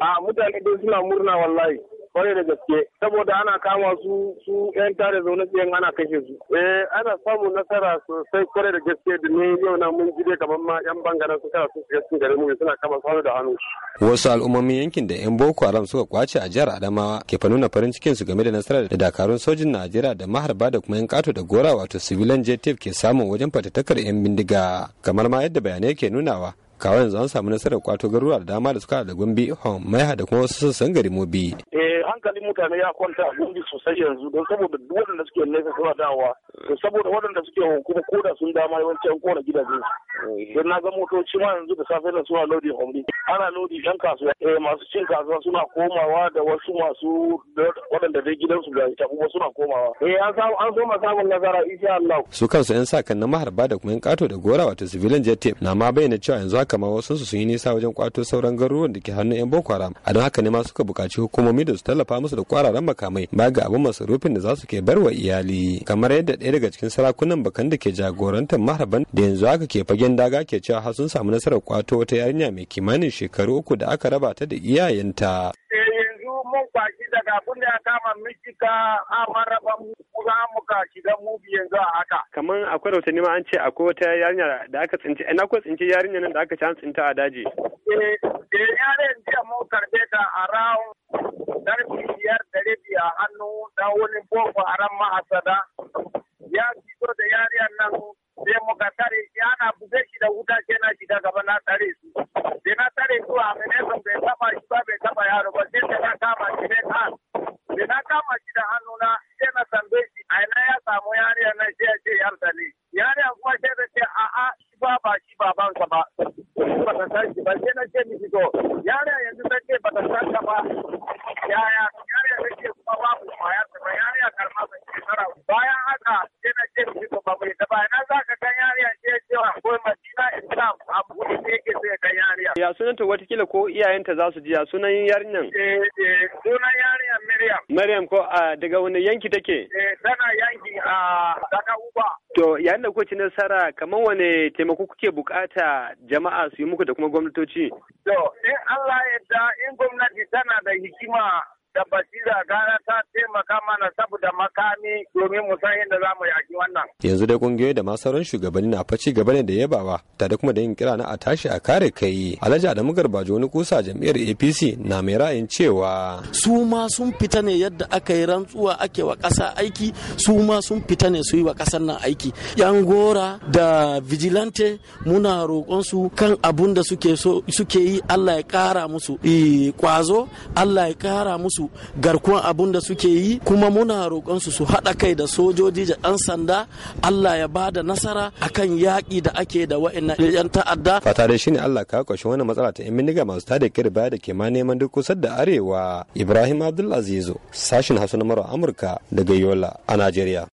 a mutane dai suna murna wallahi kwarai da gaske saboda ana kama su su yan tare zaune yan ana kashe su eh ana samun nasara sosai kwarai da gaske da ne yau na mun jide kamar ma yan bangaren su kara su gaske da garin mu suna kama su da hannu wasu al'ummomin yankin da yan boko haram suka kwace a jihar adamawa ke fa nuna farin cikin su game da nasarar da dakarun sojin najeriya da maharba da kuma yan kato da gora wato civilian jtf ke samun wajen fatattakar yan bindiga kamar ma yadda bayanai ke nunawa kawai yanzu an samu nasarar kwato garuruwa da dama da suka da gombe hom maiha da kuma wasu sassan gari mobi eh, hankalin mutane ya kwanta a gungi sosai yanzu don saboda duk waɗanda suke nesa suna dawa to saboda waɗanda suke hukuma ko da sun dama yawanci an kona gidaje don na ga motoci ma yanzu da safe na suna lodi homi ana lodi yan kasuwa eh, masu cin kasuwa suna komawa da wasu masu waɗanda dai gidansu da ta kuma suna komawa eh an samu an soma samun nasara insha Allah su kansu yan sa kan na maharba da kuma yan kato da gora wato civilian jet na ma bayyana cewa yanzu haka ma wasu su sun yi nisa wajen kwato sauran garuruwan da ke hannun yan boko haram a don haka ne ma suka buƙaci hukumomi da su tallafa musu da kwararan makamai ba ga abin masarufin da za su ke barwa iyali kamar yadda ɗaya daga cikin sarakunan bakan da ke jagorantar maharban da yanzu haka ke fagen daga ke cewa har sun samu nasarar kwato wata yarinya mai kimanin shekaru uku da aka raba ta da iyayenta. Eh, mun kwashi daga abin da ya kama ka a maraba mu za mu ka shiga mu yanzu a haka. Kamar akwai rahotanni nima an ce akwai wata yarinya da aka tsinci, ina eh, ko tsinci yarinya nan da aka ci an tsinta a daji. Eh, da eh, yarinya mun karbe ta a ƙarfi biyar da rabi a hannu da wani boko haram ma'asada ya fito da yariyar nan sai muka tare ana buge shi da wuta sai na shiga gaba na tare su sai na tare su a menesan bai taba shi ba bai taba yaro ba sai na kama shi ne ta sai na kama shi da hannu na je na ce su ba mai da bayan za ka kan yariya ce cewa ko madina islam a buɗe ne yake sai kan yariya. ya sunanta watakila ko iyayenta za su ji ya sunan yarinyan. Eh, eh, sunan yarinyan maryam. maryam ko daga wani yanki take. Eh, tana yanki a daga uba. To yayin da kuka ci nasara kamar wani taimako kuke bukata jama'a su yi muku da kuma gwamnatoci? To in Allah ya da in gwamnati tana da hikima da basira gara ta taimaka mana saboda makami domin mu san yadda za mu yaki wannan. Yanzu dai kungiyoyi da masu sauran shugabanni na faci gaba ne da yabawa tare kuma da yin kira na a tashi a kare kai. Alhaji Adamu Garbajo wani kusa jam'iyyar APC na mai ra'ayin cewa. Su ma sun fita ne yadda aka yi rantsuwa ake wa ƙasa aiki su ma sun fita ne su yi wa ƙasar nan aiki. Yan gora da vigilante muna roƙon su kan abun da suke yi Allah ya ƙara musu kwazo eh, Allah ya ƙara musu Garkuwar garkuwan abun da suke yi kuma muna roƙon su haɗa kai da sojoji da ɗan sanda Allah ya ba da nasara akan yaƙi da ake da wa'annan yan ta'adda fata shi ne Allah ka kwashe wannan matsala ta yan bindiga masu tada kiri baya da ke ma neman duk kusa da arewa Ibrahim Abdulaziz sashin Hausa na Amurka daga Yola a Najeriya